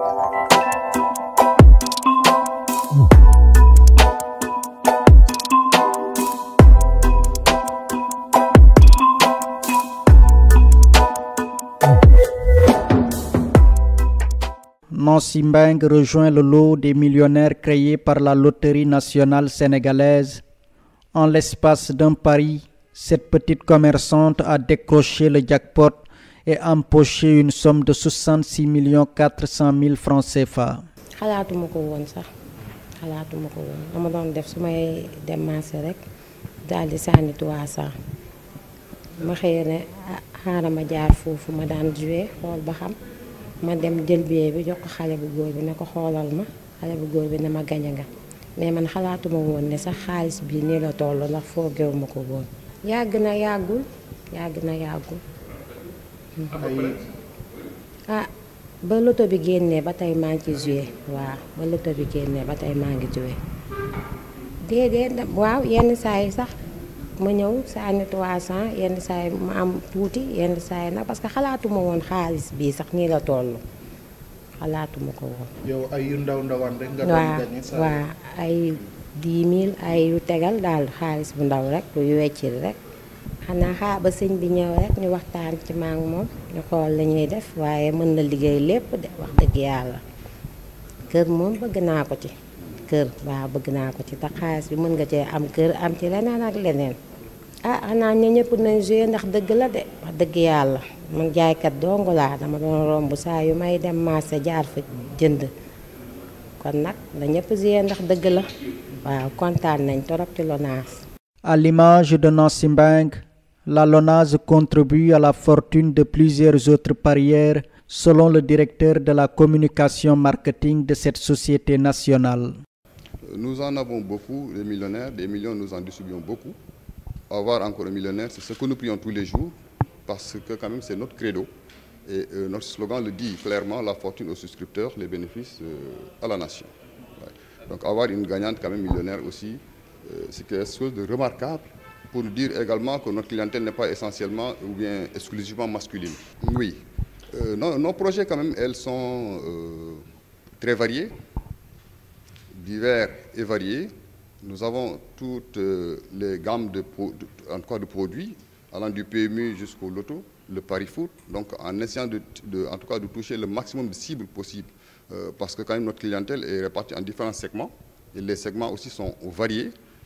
Nancy Mbengue rejoint le lot des millionnaires créés par la Loterie nationale sénégalaise. En l'espace d'un pari, cette petite commerçante a décroché le jackpot et empoché une somme de 66 millions 400 mille francs CFA. xalaatuma ko woon sax xalaatuma ko woon dama doon def su may dem marché rek daal di sànni 300 ma xëy ne xaaral ma jaar foofu ma daan joué xool ba xam ma dem jël billet bi jox ko xale bu góor bi ne ko xoolal ma xale bu góor bi ne ma gañe nga mais man xalaatuma woon ne sax xaalis bii nii la toll ndax foo foogewuma ko woon yàgg na yàggul yàgg na yàggul. ah ba loto bi génnee ba tey maa ngi ci joué ba loto bi génnee ba tey maa ngi joué déedéet waaw yenn saay sax ma ñëw saa ni 300 yenn saa yi am tuuti yenn saa yi nag parce que xalaatuma woon xaalis bii sax nii la toll xalaatuma ko woon. yow ay ay 10 ay yu tegal daal xaalis bu ndaw rek yu weccil rek. xanaa xaaba ba bi ñëw rek ñu waxtaan ci ma moom ñu xool lañuy def waaye mën na liggéey lépp de wax dëgg yàlla kër moom bëgg naa ko ci kër waaw bëgg naa ko ci te xaalis bi mën nga cee am kër am ci leneen ak leneen ah xanaa ñëpp nañ joué ndax dëgg la de wax dëgg yàlla man jaaykat dong laa dama doon romb saa yu may dem marché jaar fa jënd kon nag na ñëpp joué ndax dëgg la waaw kontaan nañ torop ci Lonase. À l'image de Nancy Mbengue la LONASE contribue à la fortune de plusieurs autres parieurs, selon le directeur de la communication marketing de cette société nationale. Nous en avons beaucoup, des millionnaires, des millions, nous en distribuons beaucoup. Avoir encore un millionnaire, c'est ce que nous prions tous les jours, parce que quand même c'est notre credo. Et euh, notre slogan le dit clairement, la fortune aux souscripteurs, les bénéfices euh, à la nation. Donc avoir une gagnante quand aussi, euh, pour dire également que notre clientèle n'est pas essentiellement ou bien exclusivement masculine. Oui, euh, nos, nos, projets quand même, elles sont euh, très variés, divers et variés. Nous avons toutes euh, les gammes de, en cas de produits, allant du PMU jusqu'au loto, le pari foot, donc en essayant de, en tout cas de toucher le maximum de cibles possibles, euh, parce que quand même notre clientèle est répartie en différents segments, et les segments aussi sont variés.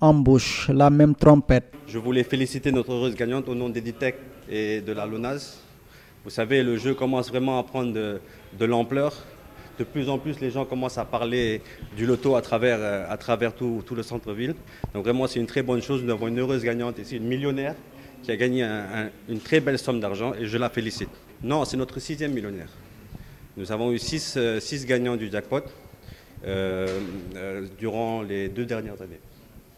embouche la même trompette. Je voulais féliciter notre heureuse gagnante au nom d'Editech et de la LONAS. Vous savez, le jeu commence vraiment à prendre de, l'ampleur. De plus en plus, les gens commencent à parler du loto à travers, euh, tout, le centre-ville. Donc vraiment, c'est une très bonne chose. Nous avons une heureuse gagnante ici, une millionnaire, qui a gagné un, un, une très belle somme d'argent et je la félicite. Non, c'est notre sixième millionnaire. Nous avons euh,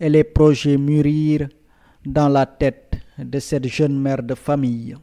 et les projets mûrir dans la tête de cette jeune mère de famille.